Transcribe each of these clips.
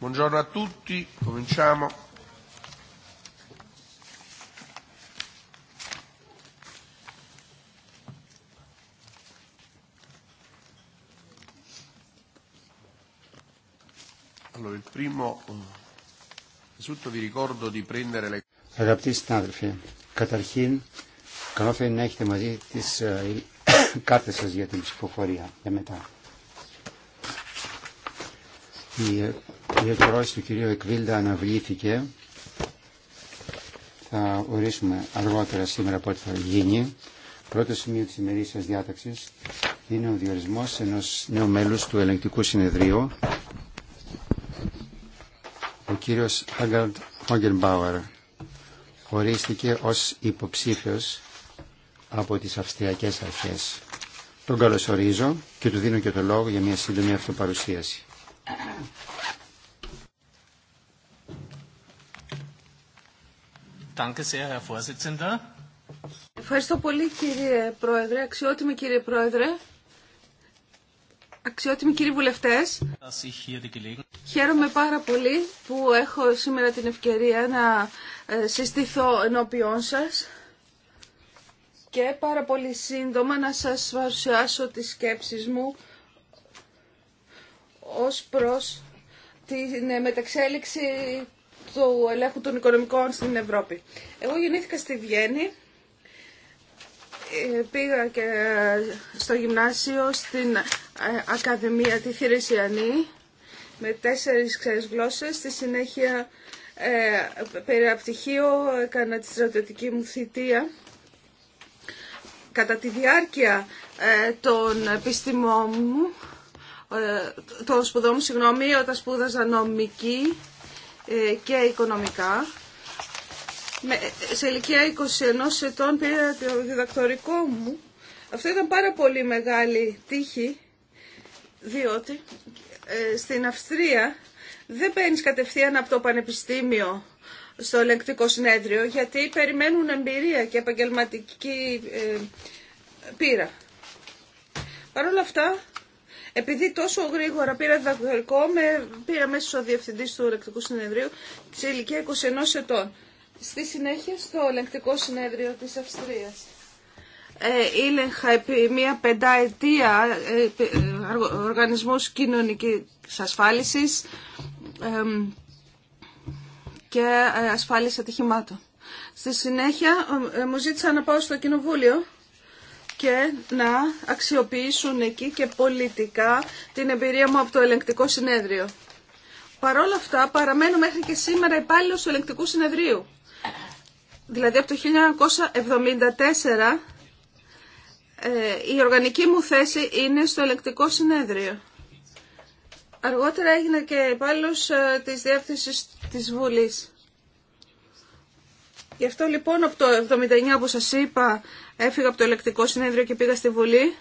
Buongiorno a tutti, cominciamo. vi Αγαπητοί συνάδελφοι, καταρχήν καλό θα είναι να έχετε μαζί τις ε, για την ψηφοφορία μετά. Ε, η ακρόαση του κυρίου Εκβίλτα αναβλήθηκε. Θα ορίσουμε αργότερα σήμερα πότε θα γίνει. Πρώτο σημείο της ημερήσιας διάταξης είναι ο διορισμός ενός νέου μέλους του ελεγκτικού συνεδρίου, ο κύριος Χάγκαρντ Χόγκερμπάουερ. Ορίστηκε ως υποψήφιος από τις Αυστριακές Αρχές. Τον καλωσορίζω και του δίνω και το λόγο για μια σύντομη αυτοπαρουσίαση. Ευχαριστώ πολύ κύριε Πρόεδρε, αξιότιμη κύριε Πρόεδρε, αξιότιμοι κύριοι βουλευτές. Χαίρομαι πάρα πολύ που έχω σήμερα την ευκαιρία να ε, συστηθώ ενώπιόν σας και πάρα πολύ σύντομα να σας παρουσιάσω τις σκέψεις μου ως προς την μεταξέλιξη του ελέγχου των οικονομικών στην Ευρώπη. Εγώ γεννήθηκα στη Βιέννη, ε, πήγα και στο γυμνάσιο στην ε, Ακαδημία τη Θηρεσιανή, με τέσσερις ξένες γλώσσες. Στη συνέχεια ε, περί απτυχίο έκανα τη στρατιωτική μου θητεία. Κατά τη διάρκεια ε, των επιστημών μου, το των σπουδών μου, συγγνώμη, όταν σπούδαζα νομική, ε, και οικονομικά. Σε ηλικία 21 ετών πήρα το διδακτορικό μου. Αυτό ήταν πάρα πολύ μεγάλη τύχη, διότι ε, στην Αυστρία δεν παίρνει κατευθείαν από το πανεπιστήμιο στο ελεγκτικό συνέδριο, γιατί περιμένουν εμπειρία και επαγγελματική ε, πείρα. Παρ' όλα αυτά, επειδή τόσο γρήγορα πήρα διδακτορικό, με πήρα μέσα ο διευθυντή του Ελεκτικού Συνεδρίου σε ηλικία 21 ετών. Στη συνέχεια στο Ελεκτικό Συνέδριο της Αυστρίας. Ε, ήλεγχα επί μία πενταετία ε, ε οργανισμός κοινωνικής ασφάλισης και ε, ασφάλιση ατυχημάτων. Στη συνέχεια ε, μου ζήτησα να πάω στο κοινοβούλιο και να αξιοποιήσουν εκεί και πολιτικά την εμπειρία μου από το ελεγκτικό συνέδριο. Παρ' όλα αυτά παραμένω μέχρι και σήμερα υπάλληλο του ελεγκτικού συνεδρίου. Δηλαδή από το 1974 ε, η οργανική μου θέση είναι στο ελεγκτικό συνέδριο. Αργότερα έγινα και υπάλληλο ε, της διεύθυνσης της Βουλής. Γι' αυτό λοιπόν από το 79 που σας είπα Έφυγα από το ελεκτικό συνέδριο και πήγα στη Βουλή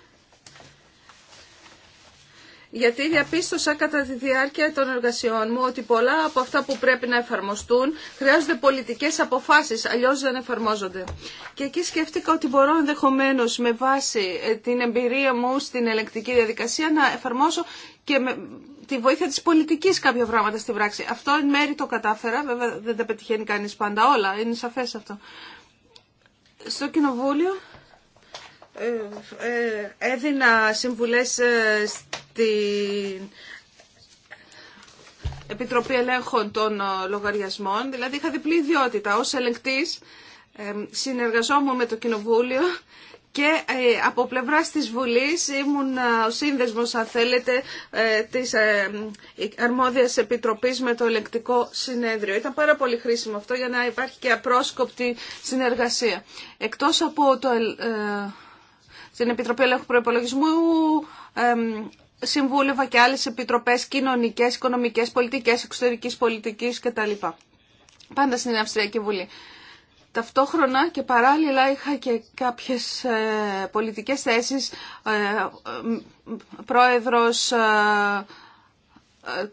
γιατί διαπίστωσα κατά τη διάρκεια των εργασιών μου ότι πολλά από αυτά που πρέπει να εφαρμοστούν χρειάζονται πολιτικές αποφάσεις, αλλιώς δεν εφαρμόζονται. Και εκεί σκέφτηκα ότι μπορώ ενδεχομένω με βάση ε, την εμπειρία μου στην ελεκτική διαδικασία να εφαρμόσω και με τη βοήθεια της πολιτικής κάποια πράγματα στην πράξη. Αυτό εν μέρη το κατάφερα, βέβαια δεν τα πετυχαίνει κανείς πάντα όλα, είναι σαφές αυτό στο Κοινοβούλιο ε, ε, έδινα συμβουλές ε, στην Επιτροπή Ελέγχων των Λογαριασμών. Δηλαδή είχα διπλή ιδιότητα. Ως ελεγκτής συνεργαζόμουν με το Κοινοβούλιο και ε, από πλευρά τη Βουλή ήμουν ε, ο σύνδεσμο, αν θέλετε, ε, τη αρμόδια επιτροπή με το ελεκτικό συνέδριο. Ήταν πάρα πολύ χρήσιμο αυτό για να υπάρχει και απρόσκοπτη συνεργασία. Εκτό από το, την Επιτροπή Ελέγχου Προπολογισμού, συμβούλευα και άλλες επιτροπές κοινωνικές, οικονομικές, πολιτικές, εξωτερικής πολιτικής κτλ. Πάντα στην Αυστριακή Βουλή. Ταυτόχρονα και παράλληλα είχα και κάποιες ε, πολιτικές θέσεις, ε, ε, πρόεδρος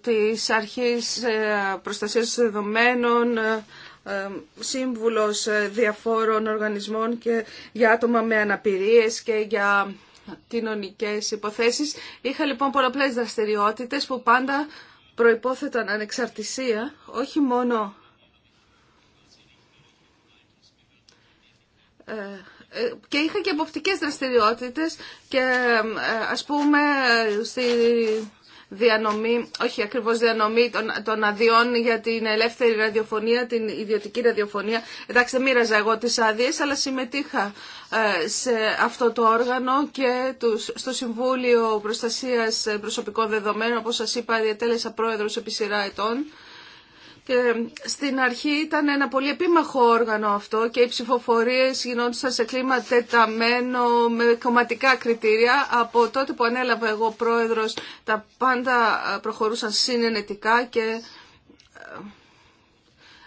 της Αρχής Προστασίας Δεδομένων, σύμβουλος διαφόρων οργανισμών και για άτομα με αναπηρίες και για κοινωνικές υποθέσεις. Είχα λοιπόν πολλαπλές δραστηριότητες που πάντα προϋπόθεταν ανεξαρτησία, όχι μόνο Ε, ε, και είχα και αποπτικές δραστηριότητες και ε, ας πούμε στη διανομή, όχι ακριβώς διανομή των, των αδειών για την ελεύθερη ραδιοφωνία, την ιδιωτική ραδιοφωνία. Εντάξει, μοίραζα εγώ τις άδειε, αλλά συμμετείχα σε αυτό το όργανο και στο Συμβούλιο Προστασίας Προσωπικών Δεδομένων, όπως σας είπα, διατέλεσα πρόεδρος επί σειρά ετών στην αρχή ήταν ένα πολύ επίμαχο όργανο αυτό και οι ψηφοφορίες γινόντουσαν σε κλίμα τεταμένο με κομματικά κριτήρια. Από τότε που ανέλαβα εγώ πρόεδρος τα πάντα προχωρούσαν συνενετικά και ε,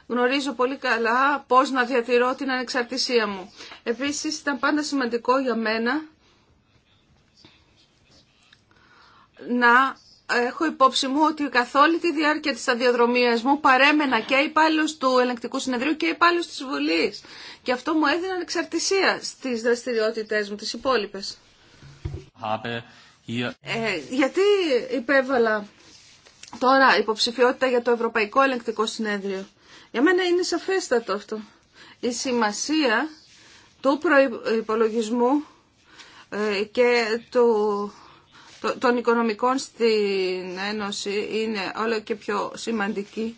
γνωρίζω πολύ καλά πώς να διατηρώ την ανεξαρτησία μου. Επίσης ήταν πάντα σημαντικό για μένα να έχω υπόψη μου ότι καθ' όλη τη διάρκεια της αδιαδρομία μου παρέμενα και υπάλληλο του ελεγκτικού συνεδρίου και υπάλληλο της Βουλής. Και αυτό μου έδινε ανεξαρτησία στις δραστηριότητες μου, τις υπόλοιπε. Ε, γιατί υπέβαλα τώρα υποψηφιότητα για το Ευρωπαϊκό Ελεγκτικό Συνέδριο. Για μένα είναι σαφέστατο αυτό. Η σημασία του προϋπολογισμού ε, και του των οικονομικών στην Ένωση είναι όλο και πιο σημαντική,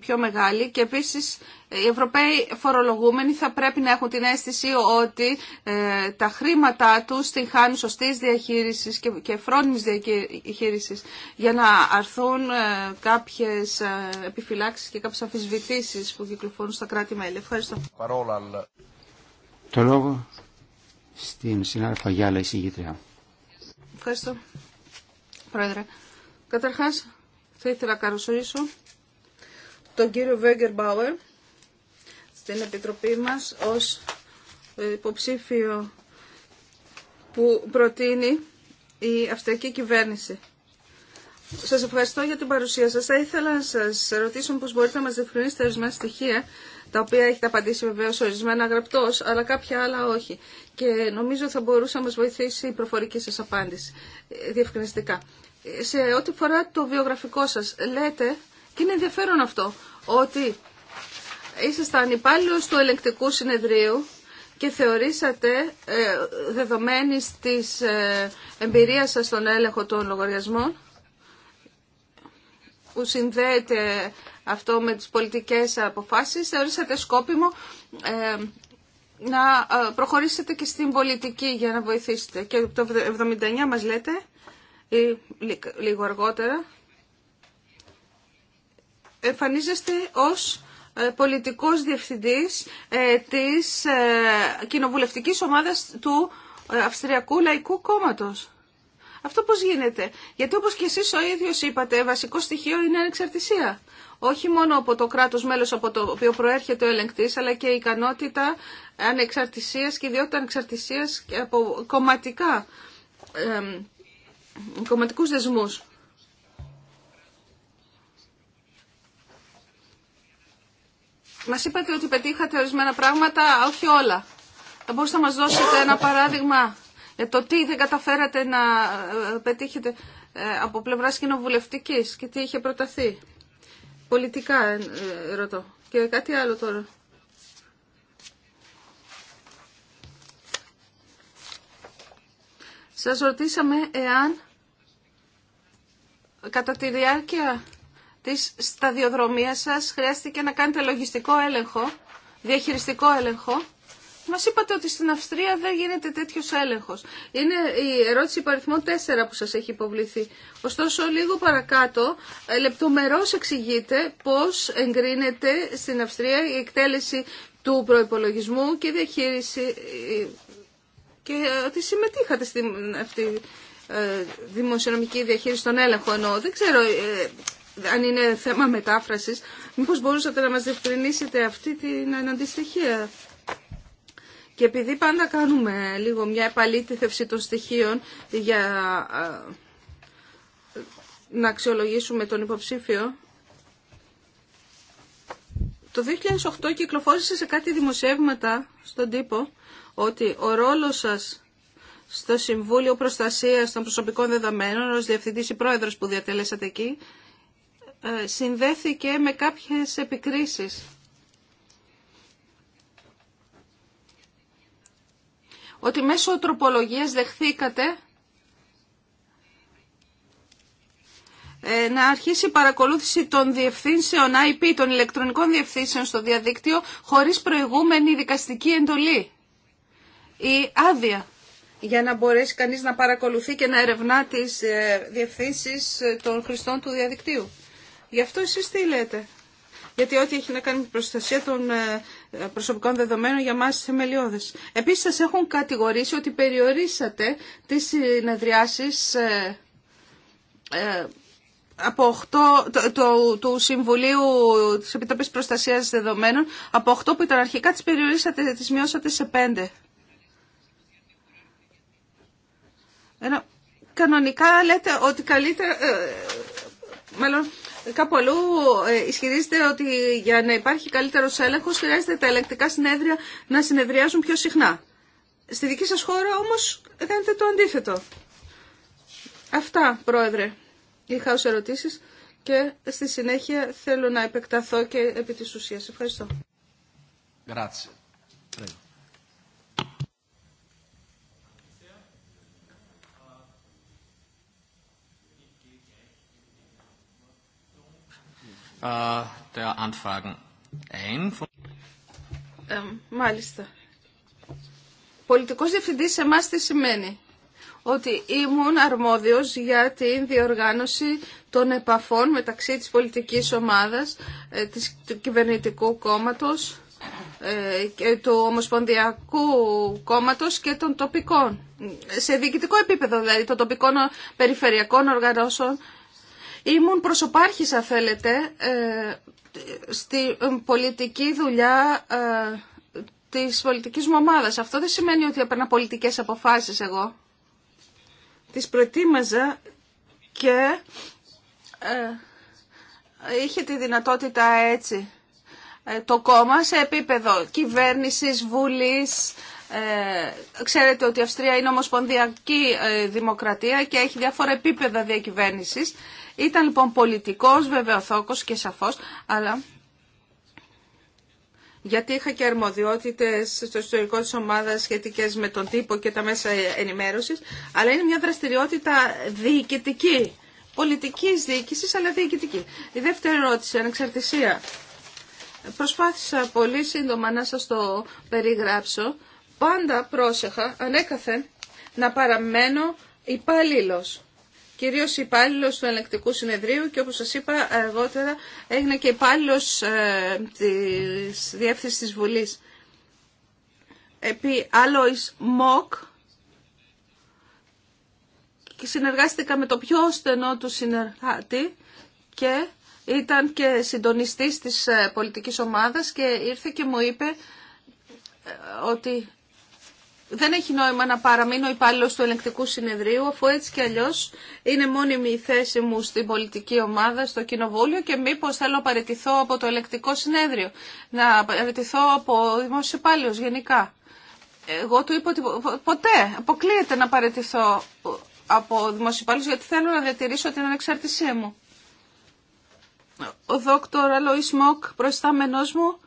πιο μεγάλη και επίσης οι Ευρωπαίοι φορολογούμενοι θα πρέπει να έχουν την αίσθηση ότι ε, τα χρήματά τους την χάνουν σωστής διαχείρισης και, και φρόνιμης διαχείρισης για να αρθούν ε, κάποιες ε, επιφυλάξεις και κάποιες αμφισβητήσεις που κυκλοφορούν στα κράτη-μέλη. Ευχαριστώ. Το λόγο στην συνάδελφα Γιάλα, η Ευχαριστώ, Πρόεδρε. Καταρχάς, θα ήθελα να καλωσορίσω τον κύριο Βέγκερ Μπάουερ στην Επιτροπή μας ως υποψήφιο που προτείνει η Αυστριακή Κυβέρνηση. Σας ευχαριστώ για την παρουσία σας. Θα ήθελα να σας ρωτήσω πώς μπορείτε να μας διευκρινίσετε ορισμένα στοιχεία, τα οποία έχετε απαντήσει βεβαίω ορισμένα γραπτός, αλλά κάποια άλλα όχι. Και νομίζω θα μπορούσε να μας βοηθήσει η προφορική σας απάντηση, ε, διευκρινιστικά. Σε ό,τι φορά το βιογραφικό σας, λέτε, και είναι ενδιαφέρον αυτό, ότι ήσασταν υπάλληλο του ελεγκτικού συνεδρίου και θεωρήσατε ε, δεδομένης της ε, εμπειρίας σας στον έλεγχο των λογαριασμών που συνδέεται αυτό με τις πολιτικές αποφάσεις, θεωρήσατε σκόπιμο ε, να ε, προχωρήσετε και στην πολιτική για να βοηθήσετε. Και το 79 μας λέτε, ή λίγο αργότερα, εμφανίζεστε ως ε, πολιτικός διευθυντής της κοινοβουλευτικής ομάδας του Αυστριακού Λαϊκού Κόμματος. Αυτό πώς γίνεται. Γιατί όπως και εσείς ο ίδιος είπατε, βασικό στοιχείο είναι ανεξαρτησία. Όχι μόνο από το κράτος μέλος από το οποίο προέρχεται ο ελεγκτής, αλλά και η ικανότητα ανεξαρτησίας και ιδιότητα ανεξαρτησίας από κομματικά, ε, κομματικούς δεσμούς. Μας είπατε ότι πετύχατε ορισμένα πράγματα, όχι όλα. Θα μπορούσατε να μας δώσετε ένα παράδειγμα για ε, το τι δεν καταφέρατε να ε, πετύχετε ε, από πλευράς κοινοβουλευτική και τι είχε προταθεί. Πολιτικά ε, ρωτώ. Και κάτι άλλο τώρα. Σας ρωτήσαμε εάν κατά τη διάρκεια της σταδιοδρομίας σας χρειάστηκε να κάνετε λογιστικό έλεγχο, διαχειριστικό έλεγχο Μα είπατε ότι στην Αυστρία δεν γίνεται τέτοιο έλεγχο. Είναι η ερώτηση υπαριθμό 4 που σα έχει υποβληθεί. Ωστόσο, λίγο παρακάτω, ε, λεπτομερώς εξηγείται πώ εγκρίνεται στην Αυστρία η εκτέλεση του προπολογισμού και διαχείριση ε, και ε, ότι συμμετείχατε στην αυτή δημοσιονομική διαχείριση των έλεγχων. Δεν ξέρω αν είναι θέμα μετάφραση. Μήπω μπορούσατε να μα διευκρινίσετε αυτή την αντιστοιχεία. Και επειδή πάντα κάνουμε λίγο μια επαλήτηθευση των στοιχείων για να αξιολογήσουμε τον υποψήφιο, το 2008 κυκλοφόρησε σε κάτι δημοσιεύματα στον τύπο ότι ο ρόλος σας στο Συμβούλιο Προστασίας των Προσωπικών Δεδομένων ως Διευθυντής ή Πρόεδρος που διατελέσατε εκεί ε, συνδέθηκε με κάποιες επικρίσεις ότι μέσω τροπολογίας δεχθήκατε ε, να αρχίσει η παρακολούθηση των διευθύνσεων IP, των ηλεκτρονικών διευθύνσεων στο διαδίκτυο, χωρίς προηγούμενη δικαστική εντολή ή άδεια για να μπορέσει κανείς να παρακολουθεί και να ερευνά τις ε, διευθύνσεις ε, των χρηστών του διαδικτύου. Γι' αυτό εσείς τι λέτε γιατί ό,τι έχει να κάνει με προστασία των ε, προσωπικών δεδομένων για μας θεμελιώδες. Επίσης σας έχουν κατηγορήσει ότι περιορίσατε τις συνεδριάσεις ε, ε, από 8, το, το, του Συμβουλίου της Επιτροπής Προστασίας Δεδομένων, από 8 που ήταν αρχικά τις περιορίσατε, τις μειώσατε σε 5. Ένα, κανονικά λέτε ότι καλύτερα, μάλλον κάπου αλλού ε, ισχυρίζεται ότι για να υπάρχει καλύτερος έλεγχο, χρειάζεται τα ελεκτικά συνέδρια να συνεδριάζουν πιο συχνά. Στη δική σας χώρα όμως κάνετε το αντίθετο. Αυτά, Πρόεδρε, είχα ω ερωτήσεις και στη συνέχεια θέλω να επεκταθώ και επί τη ουσία. Ευχαριστώ. Grazie. Äh, μάλιστα. Πολιτικός διευθυντής σε εμάς τι σημαίνει. Ότι ήμουν αρμόδιος για την διοργάνωση των επαφών μεταξύ της πολιτικής ομάδας, ε, της, του κυβερνητικού κόμματος, ε, και του Ομοσπονδιακού Κόμματος και των τοπικών. Σε διοικητικό επίπεδο δηλαδή των τοπικών περιφερειακών οργανώσεων Ήμουν προσωπάρχης, αν θέλετε, ε, στη ε, πολιτική δουλειά ε, της πολιτικής μου ομάδας. Αυτό δεν σημαίνει ότι έπαιρνα πολιτικές αποφάσεις εγώ. Τις προετοίμαζα και είχε τη δυνατότητα έτσι το κόμμα σε επίπεδο κυβέρνησης, βουλής, ε, ξέρετε ότι η Αυστρία είναι ομοσπονδιακή ε, δημοκρατία και έχει διάφορα επίπεδα διακυβέρνησης. Ήταν λοιπόν πολιτικός βέβαια και σαφώ, αλλά γιατί είχα και αρμοδιότητες στο ιστορικό της ομάδας σχετικές με τον τύπο και τα μέσα ενημέρωσης, αλλά είναι μια δραστηριότητα διοικητική, πολιτικής διοίκησης, αλλά διοικητική. Η δεύτερη ερώτηση, ανεξαρτησία. Προσπάθησα πολύ σύντομα να σας το περιγράψω πάντα πρόσεχα ανέκαθεν να παραμένω υπάλληλο. Κυρίω υπάλληλο του ελεκτικού συνεδρίου και όπω σα είπα αργότερα έγινε και υπάλληλο ε, τη διεύθυνση τη Βουλή. Επί Alois Μοκ και συνεργάστηκα με το πιο στενό του συνεργάτη και ήταν και συντονιστής της ε, πολιτικής ομάδας και ήρθε και μου είπε ε, ότι δεν έχει νόημα να παραμείνω υπάλληλο του ελεγκτικού συνεδρίου, αφού έτσι κι αλλιώ είναι μόνιμη η θέση μου στην πολιτική ομάδα, στο κοινοβούλιο και μήπω θέλω να παραιτηθώ από το ελεκτικό συνέδριο, να παραιτηθώ από δημόσιο υπάλληλο γενικά. Εγώ του είπα ότι ποτέ αποκλείεται να παραιτηθώ από δημόσιο γιατί θέλω να διατηρήσω την ανεξαρτησία μου. Ο δόκτωρα Λοϊ Μοκ, προϊστάμενό μου,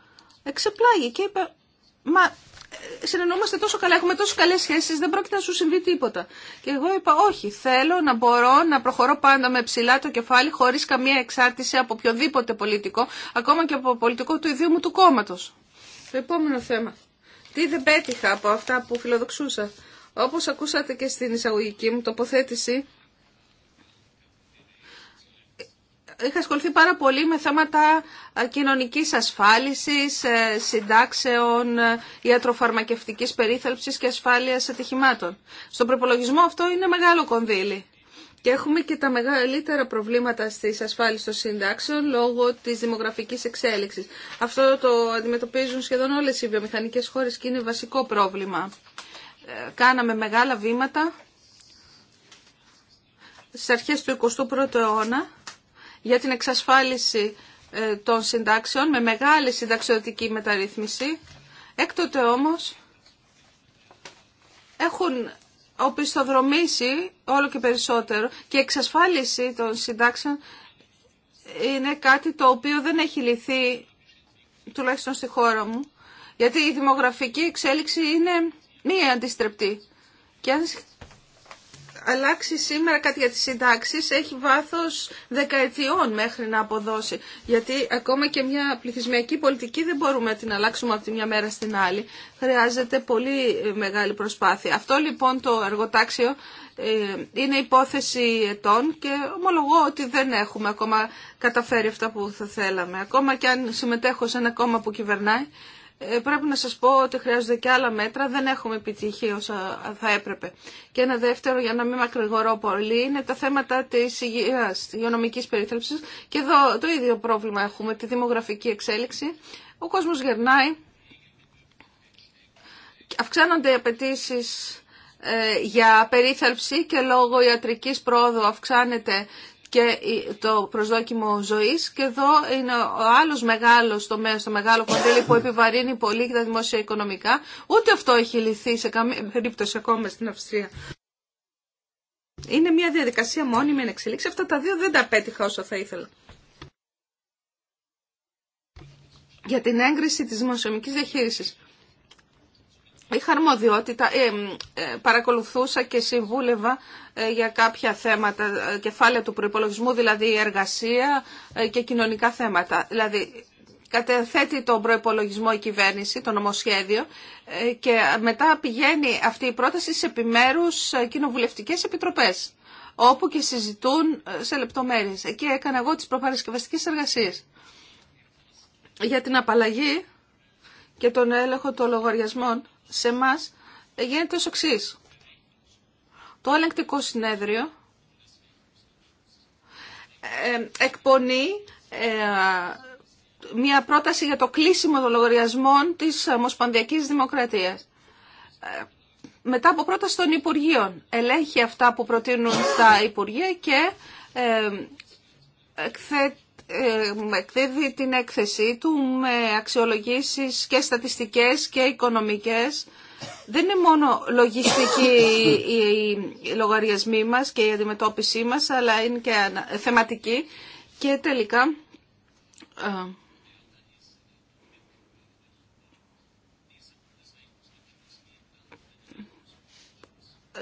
εξεπλάγει και είπε. Μα συνεννοούμαστε τόσο καλά, έχουμε τόσο καλές σχέσεις, δεν πρόκειται να σου συμβεί τίποτα. Και εγώ είπα όχι, θέλω να μπορώ να προχωρώ πάντα με ψηλά το κεφάλι χωρίς καμία εξάρτηση από οποιοδήποτε πολιτικό, ακόμα και από πολιτικό του ιδίου μου του κόμματο. Το επόμενο θέμα. Τι δεν πέτυχα από αυτά που φιλοδοξούσα. Όπως ακούσατε και στην εισαγωγική μου τοποθέτηση, είχα ασχοληθεί πάρα πολύ με θέματα ε, κοινωνικής ασφάλισης, ε, συντάξεων, ε, ιατροφαρμακευτικής περίθαλψης και ασφάλειας ατυχημάτων. Στον προπολογισμό αυτό είναι μεγάλο κονδύλι. Και έχουμε και τα μεγαλύτερα προβλήματα στις ασφάλειε των συντάξεων λόγω τη δημογραφική εξέλιξη. Αυτό το αντιμετωπίζουν σχεδόν όλε οι βιομηχανικέ χώρε και είναι βασικό πρόβλημα. Κάναμε μεγάλα βήματα στι αρχέ του 21ου αιώνα για την εξασφάλιση ε, των συντάξεων με μεγάλη συνταξιωτική μεταρρύθμιση. Έκτοτε όμως έχουν οπισθοδρομήσει όλο και περισσότερο και η εξασφάλιση των συντάξεων είναι κάτι το οποίο δεν έχει λυθεί τουλάχιστον στη χώρα μου γιατί η δημογραφική εξέλιξη είναι μη αντιστρεπτή και αν αλλάξει σήμερα κάτι για τις συντάξει έχει βάθος δεκαετιών μέχρι να αποδώσει. Γιατί ακόμα και μια πληθυσμιακή πολιτική δεν μπορούμε να την αλλάξουμε από τη μια μέρα στην άλλη. Χρειάζεται πολύ ε, μεγάλη προσπάθεια. Αυτό λοιπόν το εργοτάξιο ε, είναι υπόθεση ετών και ομολογώ ότι δεν έχουμε ακόμα καταφέρει αυτά που θα θέλαμε. Ακόμα και αν συμμετέχω σε ένα κόμμα που κυβερνάει, ε, πρέπει να σας πω ότι χρειάζονται και άλλα μέτρα. Δεν έχουμε επιτυχεί όσα θα έπρεπε. Και ένα δεύτερο, για να μην μακρηγορώ πολύ, είναι τα θέματα της υγείας, υγειονομικής περίθαλψης. Και εδώ το ίδιο πρόβλημα έχουμε, τη δημογραφική εξέλιξη. Ο κόσμος γερνάει, αυξάνονται οι απαιτήσει ε, για περίθαλψη και λόγω ιατρικής πρόοδου αυξάνεται και το προσδόκιμο ζωής και εδώ είναι ο άλλος μεγάλος τομέας, το μεγάλο κονδύλι που επιβαρύνει πολύ και τα δημόσια οικονομικά. Ούτε αυτό έχει λυθεί σε καμία περίπτωση ακόμα στην Αυστρία. Είναι μια διαδικασία μόνιμη εν εξελίξη. Αυτά τα δύο δεν τα απέτυχα όσο θα ήθελα. Για την έγκριση της δημοσιονομικής διαχείρισης. Είχα αρμοδιότητα, ε, ε, παρακολουθούσα και συμβούλευα ε, για κάποια θέματα, κεφάλαια του προϋπολογισμού, δηλαδή εργασία και κοινωνικά θέματα. Δηλαδή, κατεθέτει τον προϋπολογισμό η κυβέρνηση, το νομοσχέδιο, και μετά πηγαίνει αυτή η πρόταση σε επιμέρους κοινοβουλευτικές επιτροπές, όπου και συζητούν σε λεπτομέρειες. Εκεί έκανα εγώ τις προπαρασκευαστικές εργασίες. Για την απαλλαγή και τον έλεγχο των λογαριασμών, σε εμά γίνεται ως εξή. Το ελεγκτικό συνέδριο ε, εκπονεί ε, μια πρόταση για το κλείσιμο των λογαριασμών της Ομοσπονδιακής Δημοκρατίας. Ε, μετά από πρόταση των Υπουργείων, ελέγχει αυτά που προτείνουν τα Υπουργεία και εκθέτει ε, εκδίδει την έκθεσή του με αξιολογήσεις και στατιστικές και οικονομικές. Δεν είναι μόνο λογιστική οι λογαριασμοί μας και η αντιμετώπιση μας, αλλά είναι και θεματική και τελικά... Ε,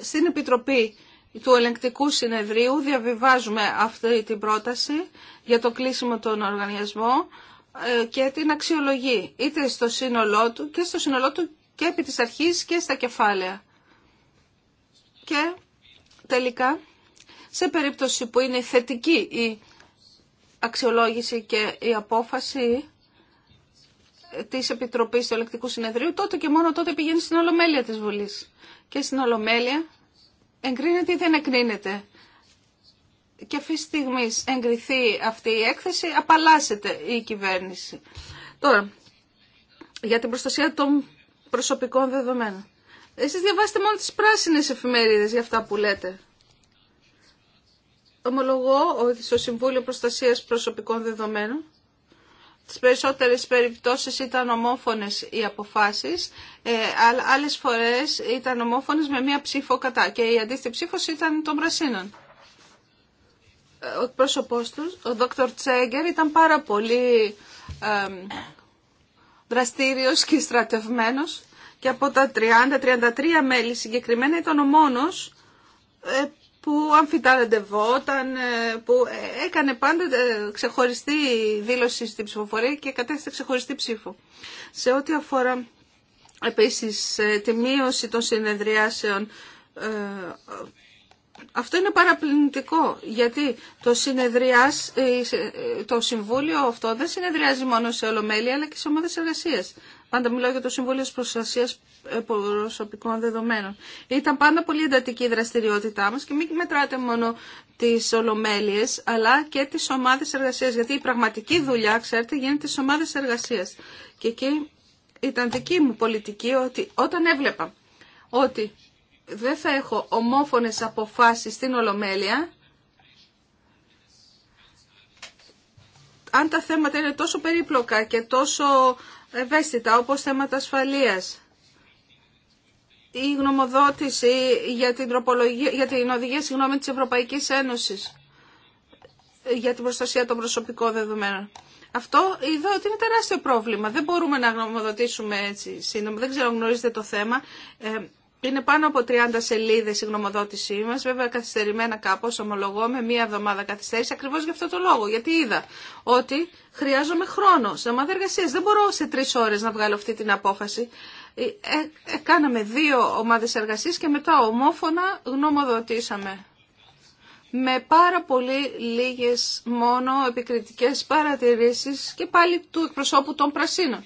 στην Επιτροπή του ελεγκτικού συνεδρίου διαβιβάζουμε αυτή την πρόταση για το κλείσιμο των οργανισμών ε, και την αξιολογεί είτε στο σύνολό του και στο σύνολό του και επί της αρχής και στα κεφάλαια. Και τελικά, σε περίπτωση που είναι θετική η αξιολόγηση και η απόφαση της Επιτροπής του Ελεκτικού Συνεδρίου, τότε και μόνο τότε πηγαίνει στην Ολομέλεια της Βουλής. Και στην Ολομέλεια εγκρίνεται ή δεν εγκρίνεται. Και αυτή τη στιγμή εγκριθεί αυτή η έκθεση, απαλλάσσεται η κυβέρνηση. Τώρα, για την προστασία των προσωπικών δεδομένων. Εσείς διαβάστε μόνο τις πράσινες εφημερίδες για αυτά που λέτε. Ομολογώ ότι στο Συμβούλιο Προστασίας Προσωπικών Δεδομένων στις περισσότερες περιπτώσεις ήταν ομόφωνες οι αποφάσεις, ε, αλλά άλλες φορές ήταν ομόφωνες με μία ψήφο κατά και η αντίθετη ψήφος ήταν των πρασίνων. Ε, ο εκπρόσωπός τους, ο Δόκτωρ Τσέγκερ, ήταν πάρα πολύ ε, δραστήριος και στρατευμένος και από τα 30-33 μέλη συγκεκριμένα ήταν ο μόνος ε, που αμφιταραντευόταν, ε, που ε, έκανε πάντα ε, ξεχωριστή δήλωση στην ψηφοφορία και κατέθεσε ξεχωριστή ψήφο. Σε ό,τι αφορά επίσης τη μείωση των συνεδριάσεων, αυτό είναι παραπληνητικό, γιατί το, συνεδριάς, το Συμβούλιο αυτό δεν συνεδριάζει μόνο σε Ολομέλεια, αλλά και σε ομάδες εργασίας πάντα μιλάω για το Συμβούλιο Προστασία ε, Προσωπικών Δεδομένων. Ήταν πάντα πολύ εντατική η δραστηριότητά μα και μην μετράτε μόνο τι ολομέλειε, αλλά και τι ομάδε εργασία. Γιατί η πραγματική δουλειά, ξέρετε, γίνεται στι ομάδε εργασία. Και εκεί ήταν δική μου πολιτική ότι όταν έβλεπα ότι δεν θα έχω ομόφωνες αποφάσεις στην Ολομέλεια, αν τα θέματα είναι τόσο περίπλοκα και τόσο ευαίσθητα όπως θέματα ασφαλείας. Η γνωμοδότηση για την, για την οδηγία συγγνώμη, της Ευρωπαϊκής Ένωσης για την προστασία των προσωπικών δεδομένων. Αυτό είδα ότι είναι τεράστιο πρόβλημα. Δεν μπορούμε να γνωμοδοτήσουμε έτσι σύντομα. Δεν ξέρω αν γνωρίζετε το θέμα. Ε, είναι πάνω από 30 σελίδε η γνωμοδότησή μα, βέβαια καθυστερημένα κάπω ομολογώ, με μία εβδομάδα καθυστέρηση, ακριβώ γι' αυτό το λόγο, γιατί είδα ότι χρειάζομαι χρόνο σε ομάδα εργασία. Δεν μπορώ σε τρει ώρε να βγάλω αυτή την απόφαση. Ε, ε, ε κάναμε δύο ομάδε εργασία και μετά ομόφωνα γνωμοδοτήσαμε με πάρα πολύ λίγε μόνο επικριτικέ παρατηρήσει και πάλι του εκπροσώπου των πρασίνων.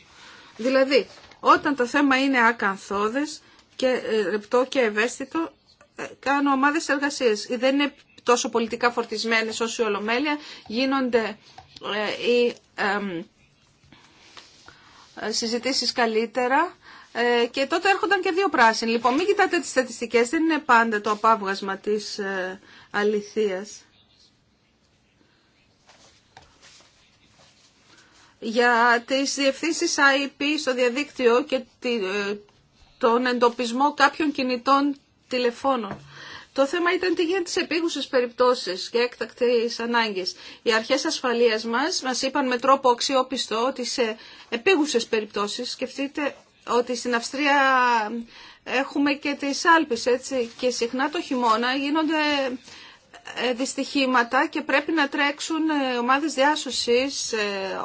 Δηλαδή, όταν το θέμα είναι ακαθόδε και ε, ρεπτό και ευαίσθητο ε, κάνω ομάδες εργασίας. Ε, δεν είναι τόσο πολιτικά φορτισμένες όσο η Ολομέλεια. Γίνονται οι συζητήσεις καλύτερα και τότε έρχονταν και δύο πράσινοι. Λοιπόν, μην κοιτάτε τις στατιστικές, δεν είναι πάντα το απάβγασμα της αληθείας. Για τις διευθύνσεις IP στο διαδίκτυο και τον εντοπισμό κάποιων κινητών τηλεφώνων. Το θέμα ήταν τι γίνεται σε επίγουσες περιπτώσεις και έκτακτες ανάγκες. Οι αρχές ασφαλείας μας μας είπαν με τρόπο αξιόπιστο ότι σε επίγουσες περιπτώσεις, σκεφτείτε ότι στην Αυστρία έχουμε και τις Άλπες, έτσι, και συχνά το χειμώνα γίνονται ε, δυστυχήματα και πρέπει να τρέξουν ε, ομάδες διάσωσης, ε,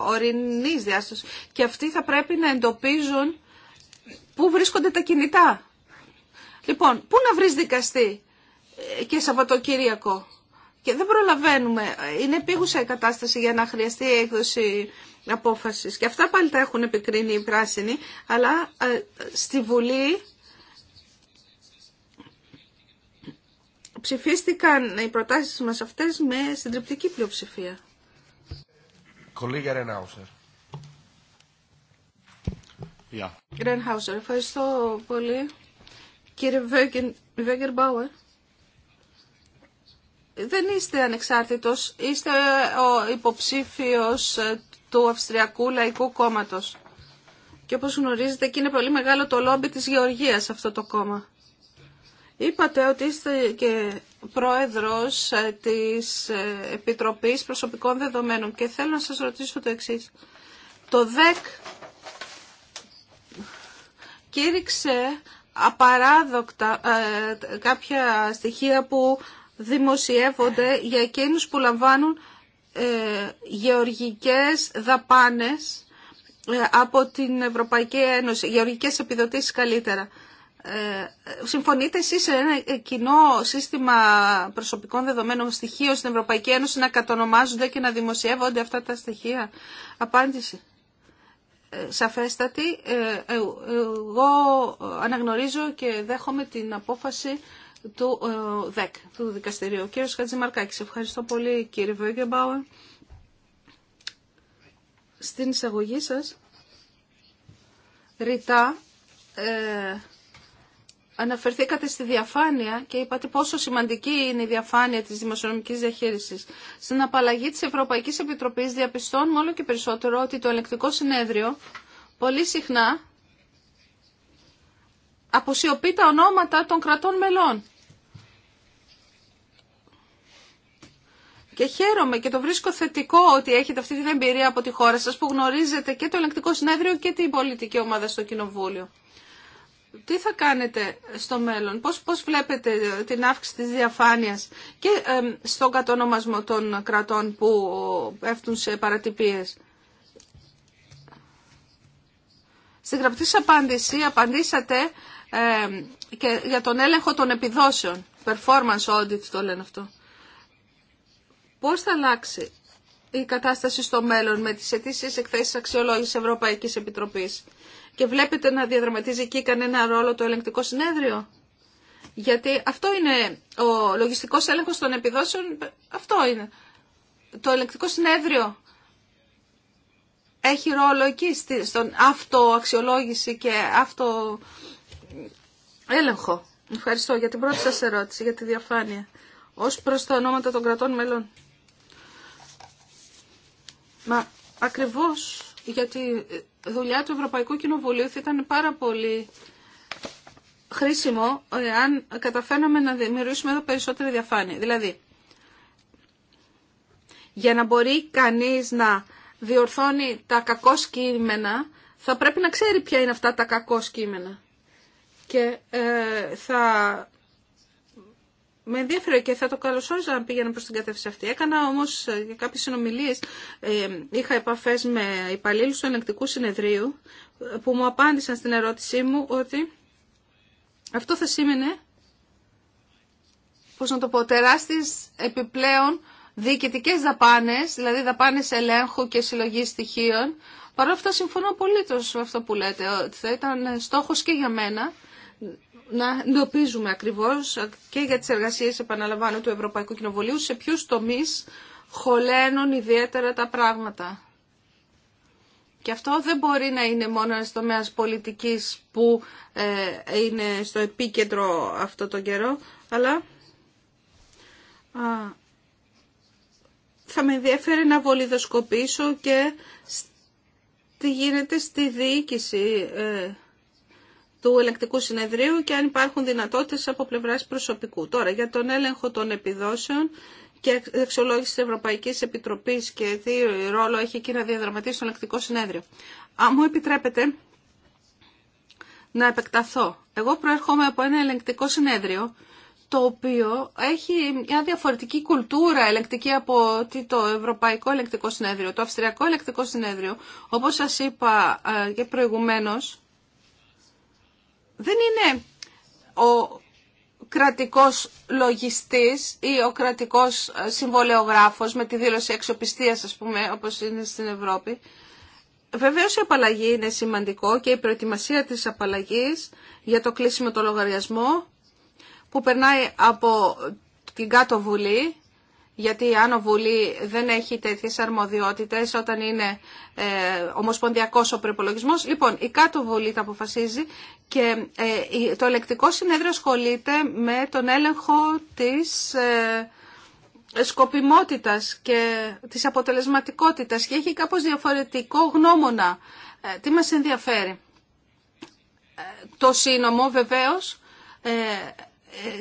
ορεινής διάσωσης και αυτοί θα πρέπει να εντοπίζουν Πού βρίσκονται τα κινητά. Λοιπόν, πού να βρεις δικαστή ε, και Σαββατοκύριακο. Και δεν προλαβαίνουμε. Είναι επίγουσα η κατάσταση για να χρειαστεί η έκδοση απόφασης. Και αυτά πάλι τα έχουν επικρίνει οι πράσινοι. Αλλά ε, στη Βουλή ψηφίστηκαν οι προτάσεις μας αυτές με συντριπτική πλειοψηφία. Χάουσερ. ευχαριστώ πολύ. Κύριε Βέγκερ Μπάουερ, δεν είστε ανεξάρτητος, είστε ο υποψήφιος του Αυστριακού Λαϊκού Κόμματος. Και όπως γνωρίζετε και είναι πολύ μεγάλο το λόμπι της Γεωργίας αυτό το κόμμα. Είπατε ότι είστε και πρόεδρος της Επιτροπής Προσωπικών Δεδομένων και θέλω να σας ρωτήσω το εξής. Το ΔΕΚ κήρυξε απαράδοκτα ε, κάποια στοιχεία που δημοσιεύονται για εκείνους που λαμβάνουν ε, γεωργικές δαπάνες ε, από την Ευρωπαϊκή Ένωση, γεωργικές επιδοτήσεις καλύτερα. Ε, συμφωνείτε εσείς σε ένα κοινό σύστημα προσωπικών δεδομένων στοιχείων στην Ευρωπαϊκή Ένωση να κατονομάζονται και να δημοσιεύονται αυτά τα στοιχεία. Απάντηση σαφέστατη. Ε, ε, εγώ αναγνωρίζω και δέχομαι την απόφαση του ε, ΔΕΚ, του Δικαστηρίου. Κύριος Χατζημαρκάκης, ευχαριστώ πολύ κύριε Βέγκεμπάουερ. Στην εισαγωγή σας, ρητά, Αναφερθήκατε στη διαφάνεια και είπατε πόσο σημαντική είναι η διαφάνεια της δημοσιονομικής διαχείρισης. Στην απαλλαγή της Ευρωπαϊκής Επιτροπής διαπιστώνουμε όλο και περισσότερο ότι το ελεκτικό συνέδριο πολύ συχνά αποσιωπεί τα ονόματα των κρατών μελών. Και χαίρομαι και το βρίσκω θετικό ότι έχετε αυτή την εμπειρία από τη χώρα σας που γνωρίζετε και το Ελεκτικό συνέδριο και την πολιτική ομάδα στο Κοινοβούλιο τι θα κάνετε στο μέλλον, πώς, πώς βλέπετε ε, την αύξηση της διαφάνειας και στον κατονομασμό των κρατών που έφτουν σε παρατυπίες. Στην γραπτή απάντηση απαντήσατε και για τον έλεγχο των επιδόσεων. Performance audit το λένε αυτό. Πώς θα αλλάξει η κατάσταση στο μέλλον με τις αιτήσεις εκθέσεις αξιολόγησης Ευρωπαϊκής Επιτροπής και βλέπετε να διαδραματίζει εκεί κανένα ρόλο το ελεγκτικό συνέδριο. Γιατί αυτό είναι ο λογιστικός έλεγχος των επιδόσεων, αυτό είναι. Το ελεγκτικό συνέδριο έχει ρόλο εκεί στον αυτοαξιολόγηση και αυτο έλεγχο. Ευχαριστώ για την πρώτη σας ερώτηση, για τη διαφάνεια. Ως προς τα ονόματα των κρατών μελών. Μα ακριβώς γιατί η δουλειά του Ευρωπαϊκού Κοινοβουλίου θα ήταν πάρα πολύ χρήσιμο ε, αν καταφέραμε να δημιουργήσουμε εδώ περισσότερη διαφάνεια. Δηλαδή, για να μπορεί κανείς να διορθώνει τα κακό κείμενα, θα πρέπει να ξέρει ποια είναι αυτά τα κακό κείμενα. Και ε, θα με ενδιαφέρει και θα το καλωσόριζα να πήγαινα προς την κατεύθυνση αυτή. Έκανα όμως ε, και κάποιες συνομιλίες, ε, είχα επαφές με υπαλλήλους του Ελεκτικού συνεδρίου ε, που μου απάντησαν στην ερώτησή μου ότι αυτό θα σήμαινε, πώς να το πω, τεράστιες επιπλέον διοικητικές δαπάνες, δηλαδή δαπάνες ελέγχου και συλλογή στοιχείων. Παρ' όλα αυτά συμφωνώ απολύτως με αυτό που λέτε, ότι θα ήταν στόχος και για μένα να εντοπίζουμε ακριβώς και για τις εργασίες, επαναλαμβάνω, του Ευρωπαϊκού Κοινοβουλίου, σε ποιους τομείς χωλαίνουν ιδιαίτερα τα πράγματα. Και αυτό δεν μπορεί να είναι μόνο ένα τομέα πολιτικής που ε, είναι στο επίκεντρο αυτό τον καιρό, αλλά θα με ενδιαφέρει να βολιδοσκοπήσω και τι γίνεται στη διοίκηση ε, του Ελεκτικού συνεδρίου και αν υπάρχουν δυνατότητες από πλευράς προσωπικού. Τώρα, για τον έλεγχο των επιδόσεων και εξολόγηση της Ευρωπαϊκής Επιτροπής και τι ρόλο έχει εκεί να διαδραματίσει το Ελεκτικό συνέδριο. Αν μου επιτρέπετε να επεκταθώ. Εγώ προέρχομαι από ένα ελεγκτικό συνέδριο το οποίο έχει μια διαφορετική κουλτούρα ελεκτική από το Ευρωπαϊκό Ελεκτικό Συνέδριο, το Αυστριακό Ελεκτικό Συνέδριο. Όπως σας είπα ε, και προηγουμένως, δεν είναι ο κρατικός λογιστής ή ο κρατικός ε, συμβολεογράφος με τη δήλωση αξιοπιστίας, ας πούμε, όπως είναι στην Ευρώπη. Βεβαίως η απαλλαγή είναι σημαντικό και η προετοιμασία της απαλλαγής για το κλείσιμο το λογαριασμό που περνάει από την κάτω βουλή γιατί η Άνω Βουλή δεν έχει τέτοιες αρμοδιότητες όταν είναι ε, ομοσπονδιακός ο προπολογισμός, λοιπόν η κάτω Βουλή τα αποφασίζει και ε, το ελεκτικό συνέδριο ασχολείται με τον έλεγχο της ε, σκοπιμότητας και της αποτελεσματικότητας και έχει κάπως διαφορετικό γνώμονα. Ε, τι μας ενδιαφέρει. το σύνομο βεβαίως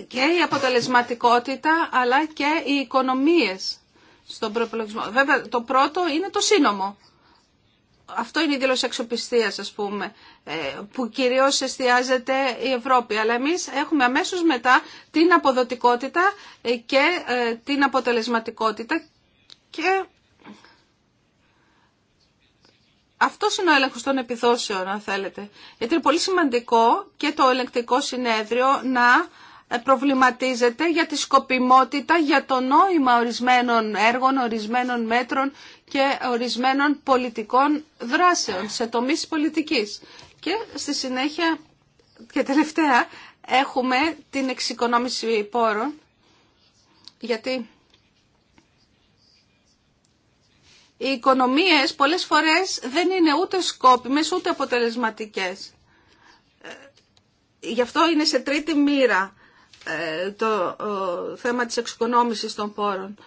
και η αποτελεσματικότητα αλλά και οι οικονομίες στον προπολογισμό. Βέβαια το πρώτο είναι το σύνομο. Αυτό είναι η δήλωση εξοπιστίας, ας πούμε ε, που κυρίως εστιάζεται η Ευρώπη. Αλλά εμείς έχουμε αμέσως μετά την αποδοτικότητα ε, και ε, την αποτελεσματικότητα και αυτό είναι ο έλεγχο των επιδόσεων, αν θέλετε. Γιατί είναι πολύ σημαντικό και το ελεκτικό συνέδριο να ε, προβληματίζεται για τη σκοπιμότητα, για το νόημα ορισμένων έργων, ορισμένων μέτρων και ορισμένων πολιτικών δράσεων σε τομείς πολιτικής. Και στη συνέχεια και τελευταία έχουμε την εξοικονόμηση πόρων, γιατί οι οικονομίες πολλές φορές δεν είναι ούτε σκόπιμες ούτε αποτελεσματικές. Ε, γι' αυτό είναι σε τρίτη μοίρα ε, το θέμα της εξοικονόμησης των πόρων.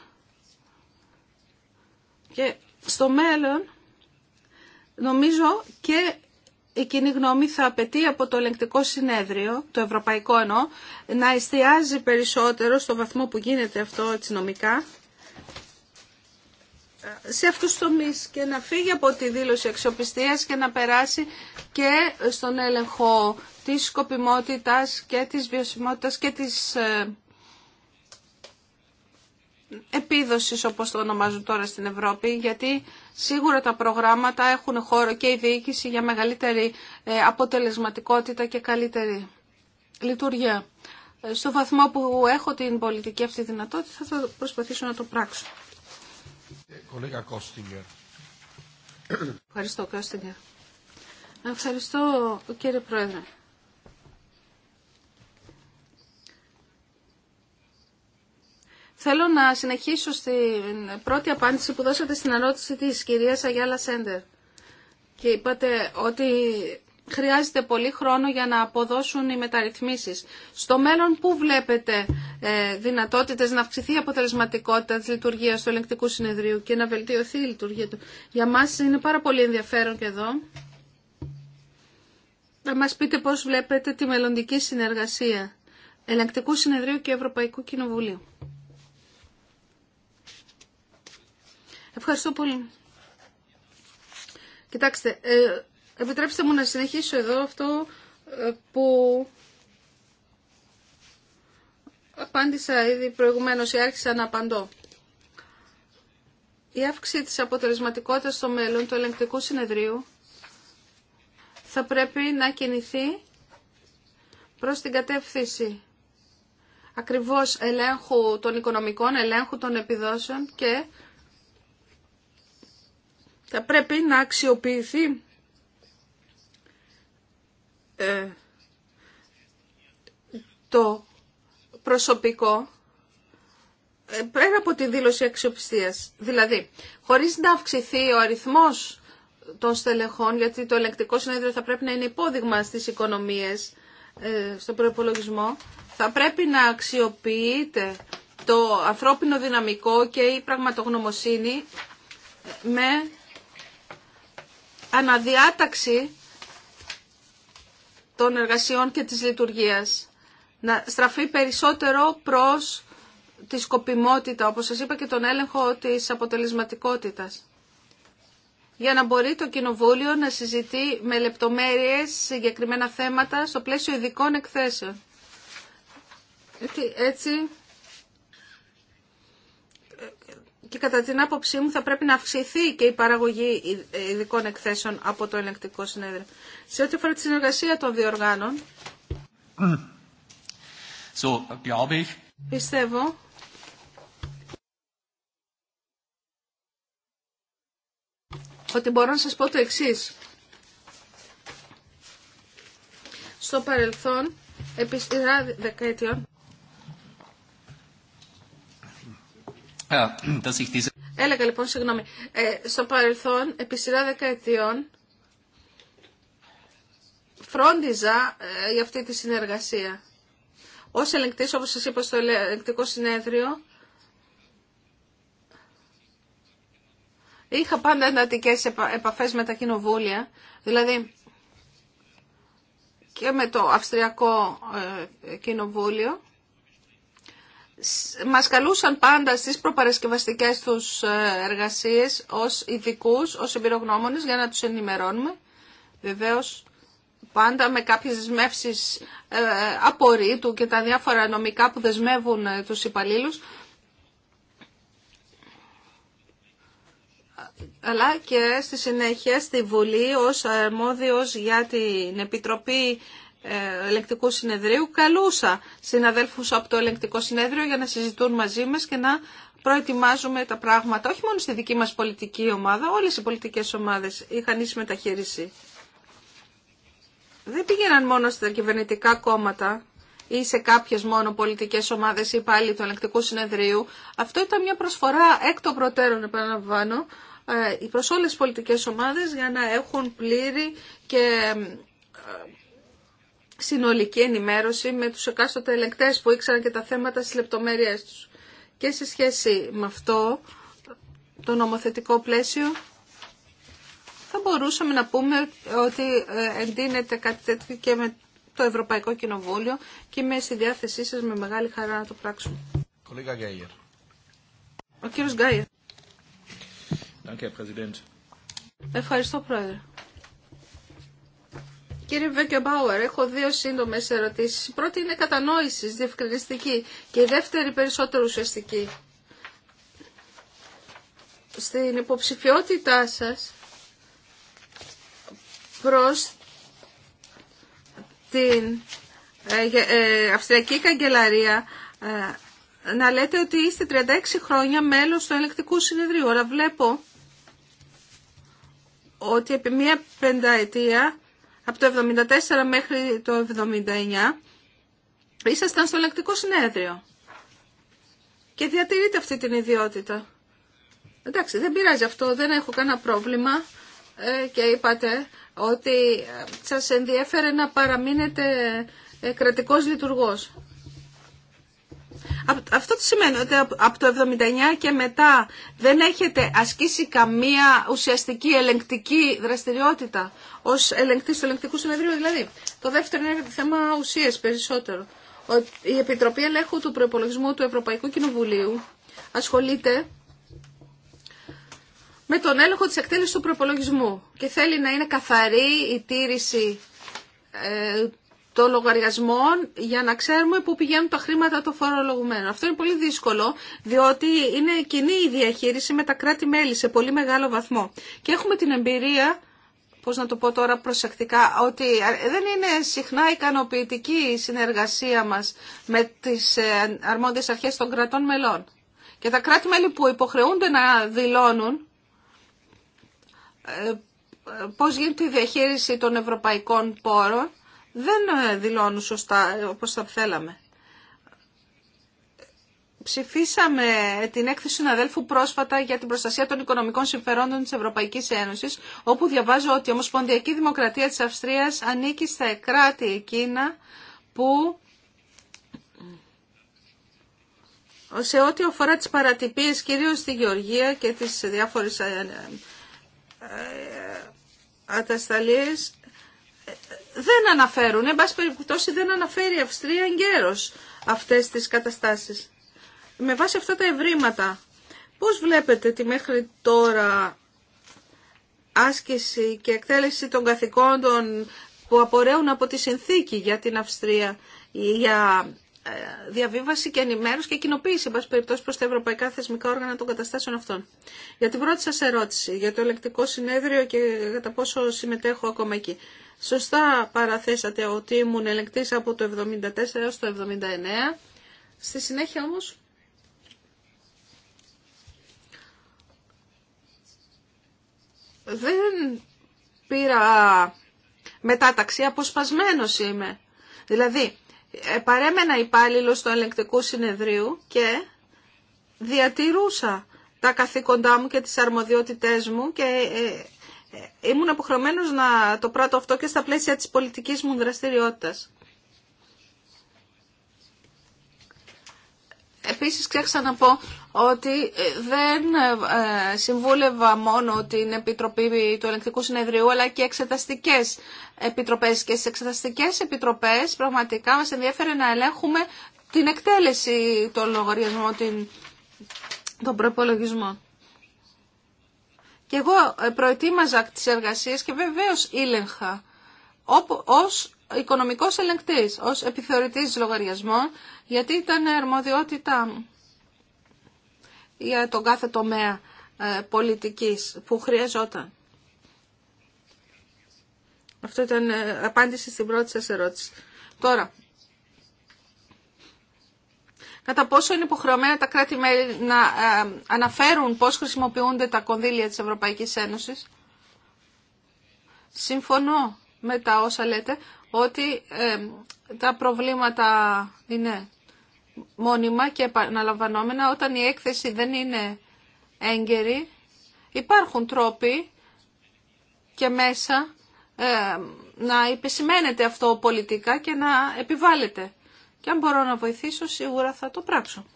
Και στο μέλλον, νομίζω και η κοινή γνώμη θα απαιτεί από το ελεγκτικό συνέδριο, το ευρωπαϊκό εννοώ, να εστιάζει περισσότερο στο βαθμό που γίνεται αυτό έτσι νομικά, σε αυτούς τους τομείς και να φύγει από τη δήλωση αξιοπιστίας και να περάσει και στον έλεγχο της σκοπιμότητας και της βιωσιμότητας και της ε, επίδοσης όπως το ονομάζουν τώρα στην Ευρώπη γιατί σίγουρα τα προγράμματα έχουν χώρο και η διοίκηση για μεγαλύτερη ε, αποτελεσματικότητα και καλύτερη λειτουργία. Ε, στο βαθμό που έχω την πολιτική αυτή δυνατότητα θα προσπαθήσω να το πράξω. Ευχαριστώ Κώστιγκερ. Ευχαριστώ κύριε Πρόεδρε. Θέλω να συνεχίσω στην πρώτη απάντηση που δώσατε στην ερώτηση της κυρίας Αγιάλα Σέντερ. Και είπατε ότι χρειάζεται πολύ χρόνο για να αποδώσουν οι μεταρρυθμίσεις. Στο μέλλον πού βλέπετε ε, δυνατότητες να αυξηθεί η αποτελεσματικότητα της λειτουργίας του ελεγκτικού συνεδρίου και να βελτιωθεί η λειτουργία του. Για μας είναι πάρα πολύ ενδιαφέρον και εδώ. Να μας πείτε πώς βλέπετε τη μελλοντική συνεργασία ελεγκτικού συνεδρίου και Ευρωπαϊκού Κοινοβουλίου. Ευχαριστώ πολύ. Κοιτάξτε, ε, επιτρέψτε μου να συνεχίσω εδώ αυτό ε, που απάντησα ήδη προηγουμένως ή άρχισα να απαντώ. Η αύξηση της αποτελεσματικότητας στο μέλλον του ελεγκτικού συνεδρίου θα πρέπει να κινηθεί προς την κατεύθυνση ακριβώς ελέγχου των οικονομικών, ελέγχου των επιδόσεων και θα πρέπει να αξιοποιηθεί ε, το προσωπικό ε, πέρα από τη δήλωση αξιοπιστίας. Δηλαδή, χωρίς να αυξηθεί ο αριθμός των στελεχών, γιατί το ελεκτικό συνέδριο θα πρέπει να είναι υπόδειγμα στις οικονομίες, ε, στο προπολογισμό, θα πρέπει να αξιοποιείται το ανθρώπινο δυναμικό και η πραγματογνωμοσύνη με αναδιάταξη των εργασιών και της λειτουργίας. Να στραφεί περισσότερο προς τη σκοπιμότητα, όπως σας είπα, και τον έλεγχο της αποτελεσματικότητας. Για να μπορεί το Κοινοβούλιο να συζητεί με λεπτομέρειες συγκεκριμένα θέματα στο πλαίσιο ειδικών εκθέσεων. Έτσι, και κατά την άποψή μου θα πρέπει να αυξηθεί και η παραγωγή ειδικών εκθέσεων από το ελεγκτικό συνέδριο. Σε ό,τι αφορά τη συνεργασία των δύο οργάνων, so, ich. πιστεύω ότι μπορώ να σας πω το εξής. Στο παρελθόν, επί σειρά δεκαετιών, Ε, Έλεγα λοιπόν, συγγνώμη, ε, στο παρελθόν, επί σειρά δεκαετιών, φρόντιζα ε, για αυτή τη συνεργασία. Ως ελεγκτής, όπως σας είπα στο ελεγκτικό συνέδριο, είχα πάντα εντατικές επαφές με τα κοινοβούλια, δηλαδή και με το Αυστριακό ε, Κοινοβούλιο, μας καλούσαν πάντα στις προπαρασκευαστικές τους ε, εργασίες ως ειδικού, ως εμπειρογνώμονες για να τους ενημερώνουμε. Βεβαίως πάντα με κάποιες δεσμεύσεις ε, απορρίτου και τα διάφορα νομικά που δεσμεύουν ε, τους υπαλλήλους. αλλά και στη συνέχεια στη Βουλή ως αρμόδιος για την Επιτροπή ε, ελεκτικού συνεδρίου καλούσα συναδέλφους από το ελεκτικό συνέδριο για να συζητούν μαζί μας και να προετοιμάζουμε τα πράγματα όχι μόνο στη δική μας πολιτική ομάδα, όλες οι πολιτικές ομάδες είχαν ίση μεταχείριση. Δεν πήγαιναν μόνο στα κυβερνητικά κόμματα ή σε κάποιες μόνο πολιτικές ομάδες ή πάλι του ελεκτικού συνεδρίου. Αυτό ήταν μια προσφορά εκ των προτέρων, επαναλαμβάνω, ε, προς όλες τις πολιτικές ομάδες για να έχουν πλήρη και ε, συνολική ενημέρωση με τους εκάστοτε ελεγκτές που ήξεραν και τα θέματα στις λεπτομέρειές τους. Και σε σχέση με αυτό το νομοθετικό πλαίσιο θα μπορούσαμε να πούμε ότι ε, εντείνεται κάτι τέτοιο και με το Ευρωπαϊκό Κοινοβούλιο και είμαι στη διάθεσή σας με μεγάλη χαρά να το πράξουμε. Ο κύριος Γκάιερ. Ευχαριστώ, Πρόεδρε. Κύριε Βέκιο έχω δύο σύντομε ερωτήσει. Η πρώτη είναι κατανόηση, διευκρινιστική. Και η δεύτερη περισσότερο ουσιαστική. Στην υποψηφιότητά σας προς την ε, ε, Αυστριακή Καγκελαρία ε, να λέτε ότι είστε 36 χρόνια μέλος του ελεκτικού συνεδρίου. Αλλά βλέπω ότι επί μία πενταετία από το 1974 μέχρι το 1979 ήσασταν στο ελεκτικό συνέδριο και διατηρείτε αυτή την ιδιότητα. Εντάξει, δεν πειράζει αυτό, δεν έχω κανένα πρόβλημα ε, και είπατε ότι ε, σας ενδιέφερε να παραμείνετε ε, κρατικός λειτουργός. Αυτό τι σημαίνει ότι από το 79 και μετά δεν έχετε ασκήσει καμία ουσιαστική ελεγκτική δραστηριότητα ως ελεγκτής του ελεγκτικού συνεδρίου. Δηλαδή, το δεύτερο είναι θέμα ουσίες περισσότερο. Η Επιτροπή Ελέγχου του Προπολογισμού του Ευρωπαϊκού Κοινοβουλίου ασχολείται με τον έλεγχο της εκτέλεσης του προπολογισμού και θέλει να είναι καθαρή η τήρηση ε, το λογαριασμό για να ξέρουμε πού πηγαίνουν τα χρήματα των φορολογουμένων. Αυτό είναι πολύ δύσκολο, διότι είναι κοινή η διαχείριση με τα κράτη-μέλη σε πολύ μεγάλο βαθμό. Και έχουμε την εμπειρία, πώς να το πω τώρα προσεκτικά, ότι δεν είναι συχνά ικανοποιητική η συνεργασία μας με τις ε, αρμόδιες αρχές των κρατών μελών. Και τα κράτη-μέλη που υποχρεούνται να δηλώνουν ε, ε, πώς γίνεται η διαχείριση των ευρωπαϊκών πόρων, δεν ε, δηλώνουν σωστά ε, όπως θα θέλαμε. Ψηφίσαμε την έκθεση του αδέλφου πρόσφατα για την προστασία των οικονομικών συμφερόντων της Ευρωπαϊκής Ένωσης, όπου διαβάζω ότι η Ομοσπονδιακή Δημοκρατία της Αυστρίας ανήκει στα κράτη εκείνα που σε ό,τι αφορά τις παρατυπίες κυρίως στη Γεωργία και τις διάφορες ε, ατασταλίες δεν αναφέρουν, εν πάση περιπτώσει δεν αναφέρει η Αυστρία εγκαίρως αυτές τις καταστάσεις. Με βάση αυτά τα ευρήματα, πώς βλέπετε τη μέχρι τώρα άσκηση και εκτέλεση των καθηκόντων που απορρέουν από τη συνθήκη για την Αυστρία, για ε, διαβίβαση και ενημέρωση και κοινοποίηση, εν πάση περιπτώσει, προ τα ευρωπαϊκά θεσμικά όργανα των καταστάσεων αυτών. Για την πρώτη σα ερώτηση, για το ελεκτικό συνέδριο και κατά πόσο συμμετέχω ακόμα εκεί. Σωστά παραθέσατε ότι ήμουν ελεκτής από το 74 έως το 79. Στη συνέχεια όμως δεν πήρα μετάταξη, αποσπασμένος είμαι. Δηλαδή, ε, παρέμενα υπάλληλο του ελεγκτικού συνεδρίου και διατηρούσα τα καθήκοντά μου και τις αρμοδιότητές μου και ε, ε, ήμουν αποχρωμένος να το πράττω αυτό και στα πλαίσια της πολιτικής μου δραστηριότητας. Επίσης ξέχασα να πω ότι ε, δεν ε, συμβούλευα μόνο την Επιτροπή του Ελεκτικού Συνεδρίου αλλά και εξεταστικές επιτροπές. Και στις εξεταστικές επιτροπές πραγματικά μας ενδιαφέρει να ελέγχουμε την εκτέλεση των λογαριασμών, την, των προπολογισμών. Και εγώ ε, προετοίμαζα τις εργασίες και βεβαίως ήλεγχα ως οικονομικός ελεγκτής, ως επιθεωρητής λογαριασμών, γιατί ήταν αρμοδιότητά για τον κάθε τομέα ε, πολιτικής που χρειαζόταν. Αυτό ήταν ε, απάντηση στην πρώτη σας ερώτηση. Τώρα, κατά πόσο είναι υποχρεωμένα τα κράτη-μέλη να ε, αναφέρουν πώς χρησιμοποιούνται τα κονδύλια της Ευρωπαϊκής Ένωσης. Συμφωνώ με τα όσα λέτε ότι ε, τα προβλήματα είναι μόνιμα και επαναλαμβανόμενα. Όταν η έκθεση δεν είναι έγκαιρη υπάρχουν τρόποι και μέσα ε, να επισημαίνεται αυτό πολιτικά και να επιβάλλεται και αν μπορώ να βοηθήσω σίγουρα θα το πράξω.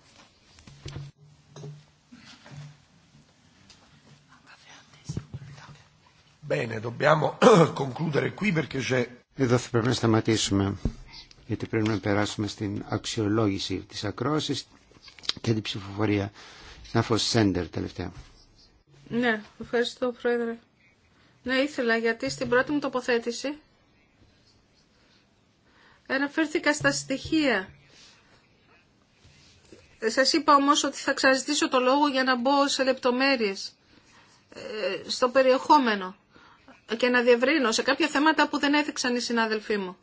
Εδώ θα πρέπει να σταματήσουμε γιατί πρέπει να περάσουμε στην αξιολόγηση της ακρόασης και την ψηφοφορία. φω Σέντερ τελευταία. Ναι, ευχαριστώ Πρόεδρε. Ναι, ήθελα γιατί στην πρώτη μου τοποθέτηση Αναφέρθηκα στα στοιχεία. Σας είπα όμως ότι θα ξαναζητήσω το λόγο για να μπω σε λεπτομέρειες, ε, στο περιεχόμενο και να διευρύνω σε κάποια θέματα που δεν έθιξαν οι συνάδελφοί μου.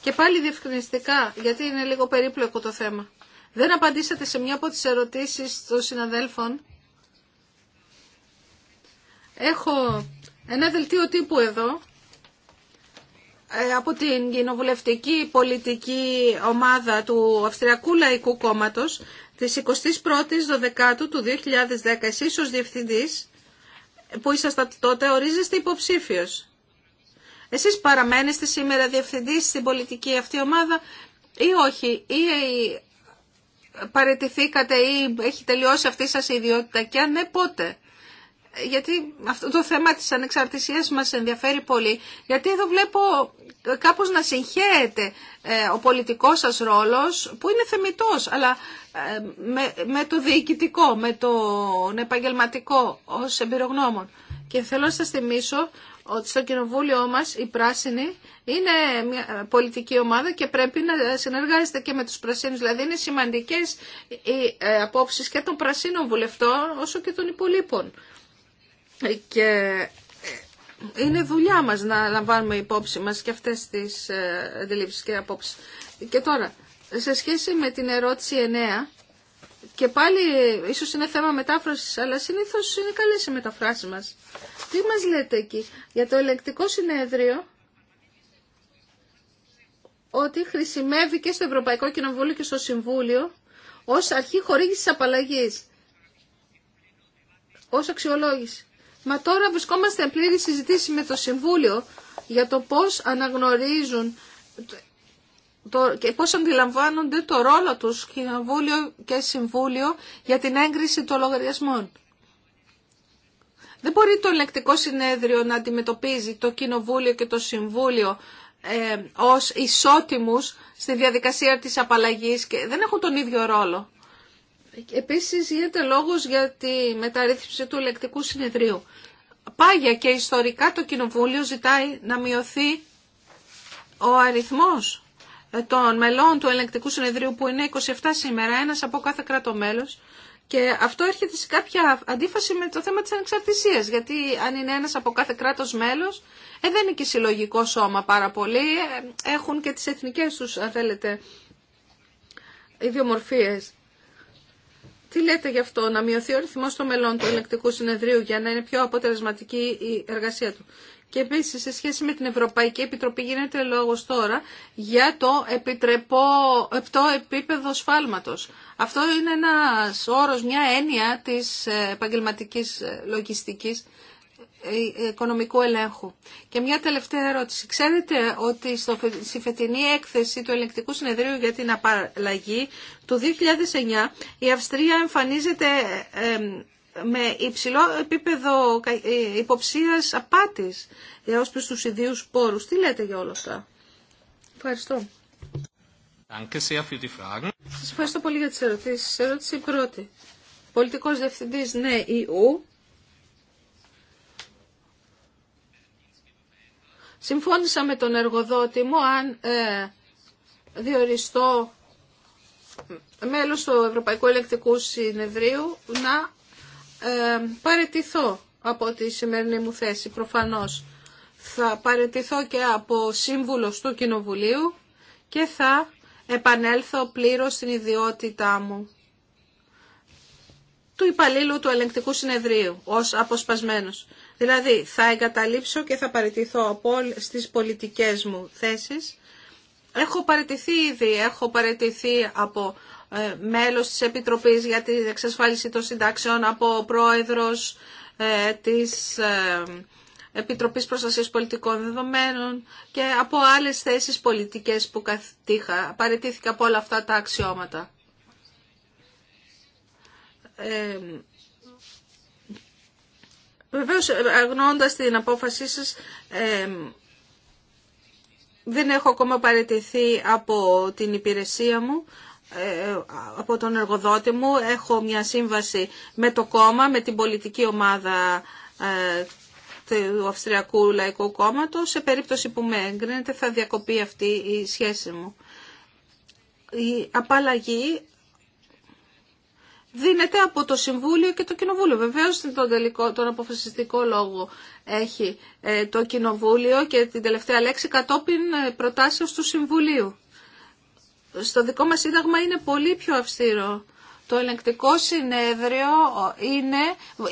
Και πάλι διευκρινιστικά, γιατί είναι λίγο περίπλοκο το θέμα. Δεν απαντήσατε σε μια από τις ερωτήσεις των συναδέλφων. Έχω ένα δελτίο τύπου εδώ ε, από την κοινοβουλευτική πολιτική ομάδα του Αυστριακού Λαϊκού Κόμματος της 21ης 12ου του 2010, εσείς ως διευθυντής που ήσασταν τότε ορίζεστε υποψήφιος. Εσείς παραμένεστε σήμερα διευθυντής στην πολιτική αυτή ομάδα ή όχι, ή ε, παρετηθήκατε ή έχει τελειώσει αυτή σας η ιδιότητα και αν ναι πότε γιατί αυτό το θέμα της ανεξαρτησίας μας ενδιαφέρει πολύ, γιατί εδώ βλέπω κάπως να συγχαίεται ε, ο πολιτικός σας ρόλος, που είναι θεμητός, αλλά ε, με, το διοικητικό, με το επαγγελματικό ως εμπειρογνώμων. Και θέλω να σας θυμίσω ότι στο κοινοβούλιο μας η Πράσινη είναι μια πολιτική ομάδα και πρέπει να συνεργάζεται και με τους πρασίνους. Δηλαδή είναι σημαντικές οι ε, απόψεις και των πρασίνων βουλευτών όσο και των υπολείπων και είναι δουλειά μας να λαμβάνουμε υπόψη μας και αυτές τις ε, αντιλήψεις και απόψεις. Και τώρα, σε σχέση με την ερώτηση 9, και πάλι ίσως είναι θέμα μετάφρασης, αλλά συνήθως είναι καλές οι μεταφράσεις μας. Τι μας λέτε εκεί για το ελεκτικό συνέδριο, ότι χρησιμεύει και στο Ευρωπαϊκό Κοινοβούλιο και στο Συμβούλιο ως αρχή χορήγησης απαλλαγής, ως αξιολόγηση. Μα τώρα βρισκόμαστε εν πλήρη συζητήση με το Συμβούλιο για το πώς αναγνωρίζουν το, και πώς αντιλαμβάνονται το ρόλο τους Κοινοβούλιο και Συμβούλιο για την έγκριση των λογαριασμών. Δεν μπορεί το ελεκτικό συνέδριο να αντιμετωπίζει το Κοινοβούλιο και το Συμβούλιο ε, ως ισότιμους στη διαδικασία της απαλλαγής και δεν έχουν τον ίδιο ρόλο. Επίσης γίνεται λόγος για τη μεταρρύθμιση του ελεκτικού συνεδρίου. Πάγια και ιστορικά το Κοινοβούλιο ζητάει να μειωθεί ο αριθμός ε, των μελών του Ελεκτικού συνεδρίου που είναι 27 σήμερα, ένας από κάθε κράτο μέλος. Και αυτό έρχεται σε κάποια αντίφαση με το θέμα της ανεξαρτησίας, γιατί αν είναι ένας από κάθε κράτος μέλος, ε, δεν είναι και συλλογικό σώμα πάρα πολύ, ε, έχουν και τις εθνικές τους, αν θέλετε, ιδιομορφίες. Τι λέτε γι' αυτό, να μειωθεί ο ρυθμός στο μελών του ελεκτικού συνεδρίου για να είναι πιο αποτελεσματική η εργασία του. Και επίση, σε σχέση με την Ευρωπαϊκή Επιτροπή, γίνεται λόγο τώρα για το επιτρεπό επίπεδο σφάλματο. Αυτό είναι ένα όρο, μια έννοια τη ε, επαγγελματική ε, λογιστική ε, οικονομικού ελέγχου. Και μια τελευταία ερώτηση. Ξέρετε ότι στη φετινή έκθεση του Ελεκτικού Συνεδρίου για την Απαλλαγή του 2009 η Αυστρία εμφανίζεται ε, ε, με υψηλό επίπεδο υποψίας απάτης για προς τους ιδίους πόρους. Τι λέτε για όλα αυτά. Ευχαριστώ. Σας ευχαριστώ πολύ για τις ερωτήσεις. Ερώτηση πρώτη. Πολιτικός Διευθυντής, ναι, Συμφώνησα με τον εργοδότη μου αν ε, διοριστώ μέλος του Ευρωπαϊκού Ελεκτικού Συνεδρίου να ε, παρετηθώ από τη σημερινή μου θέση. Προφανώς θα παρετηθώ και από σύμβουλο του Κοινοβουλίου και θα επανέλθω πλήρως στην ιδιότητά μου του υπαλλήλου του Ελεκτικού συνεδρίου ως αποσπασμένος. Δηλαδή θα εγκαταλείψω και θα παραιτηθώ από στις πολιτικές μου θέσεις. Έχω παραιτηθεί ήδη, έχω παραιτηθεί από ε, μέλος της Επιτροπής για την εξασφάλιση των συντάξεων, από πρόεδρος ε, της ε, Επιτροπής Προστασίας Πολιτικών Δεδομένων και από άλλες θέσεις πολιτικές που κατήχα. Παραιτήθηκα από όλα αυτά τα αξιώματα. Ε, Βεβαίως, ε, αγνώντας την απόφασή σας, ε, δεν έχω ακόμα παραιτηθεί από την υπηρεσία μου, ε, από τον εργοδότη μου. Έχω μια σύμβαση με το κόμμα, με την πολιτική ομάδα του Αυστριακού Λαϊκού Κόμματος. Σε περίπτωση που με έγκρινεται θα διακοπεί αυτή η σχέση μου. Η απαλλαγή δίνεται από το Συμβούλιο και το Κοινοβούλιο. Βεβαίως τον, τον αποφασιστικό λόγο έχει ε, το Κοινοβούλιο και την τελευταία λέξη κατόπιν ε, προτάσεως του Συμβουλίου. Στο δικό μας σύνταγμα είναι πολύ πιο αυστηρό. Το ελεγκτικό συνέδριο είναι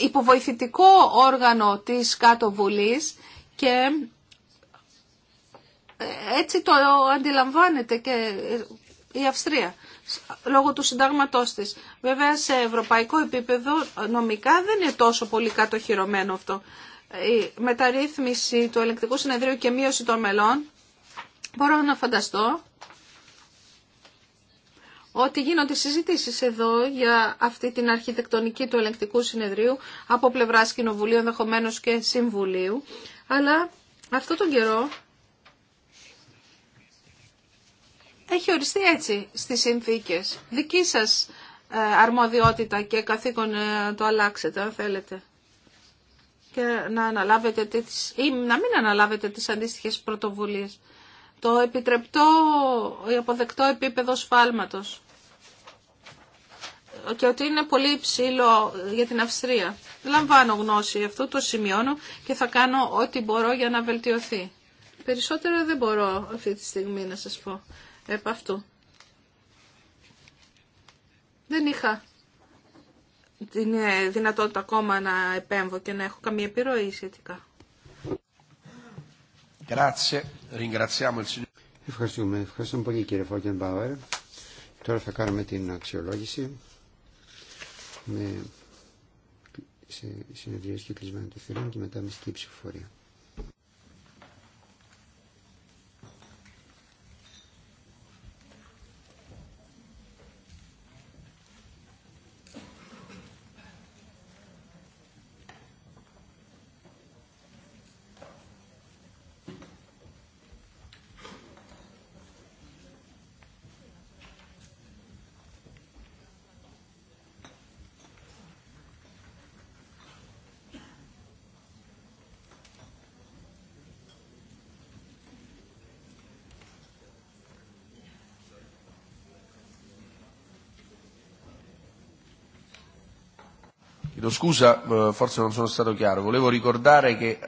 υποβοηθητικό όργανο της κάτω βουλής και ε, έτσι το αντιλαμβάνεται και η Αυστρία λόγω του συντάγματός της. Βέβαια σε ευρωπαϊκό επίπεδο νομικά δεν είναι τόσο πολύ κατοχυρωμένο αυτό. Η μεταρρύθμιση του ελεκτικού συνεδρίου και μείωση των μελών μπορώ να φανταστώ ότι γίνονται συζητήσεις εδώ για αυτή την αρχιτεκτονική του Ελεκτικού συνεδρίου από πλευράς Κοινοβουλίου, ενδεχομένω και Συμβουλίου, αλλά αυτό τον καιρό έχει οριστεί έτσι στις συνθήκες. Δική σας ε, αρμοδιότητα και καθήκον ε, το αλλάξετε αν θέλετε και να, αναλάβετε τις, ή να μην αναλάβετε τις αντίστοιχες πρωτοβουλίες. Το επιτρεπτό ή αποδεκτό επίπεδο σφάλματος και ότι είναι πολύ ψηλό για την Αυστρία. Λαμβάνω γνώση αυτό, το σημειώνω και θα κάνω ό,τι μπορώ για να βελτιωθεί. Περισσότερο δεν μπορώ αυτή τη στιγμή να σας πω επ' αυτού. Δεν είχα την ε, δυνατότητα ακόμα να επέμβω και να έχω καμία επιρροή σχετικά. Ευχαριστούμε. Ευχαριστούμε πολύ κύριε Φόκεν Μπάουερ. Τώρα θα κάνουμε την αξιολόγηση με συνεδρίες και κλεισμένων του θηρών και μετά με σκύψη ψηφοφορία. Chiedo scusa, forse non sono stato chiaro. Volevo ricordare che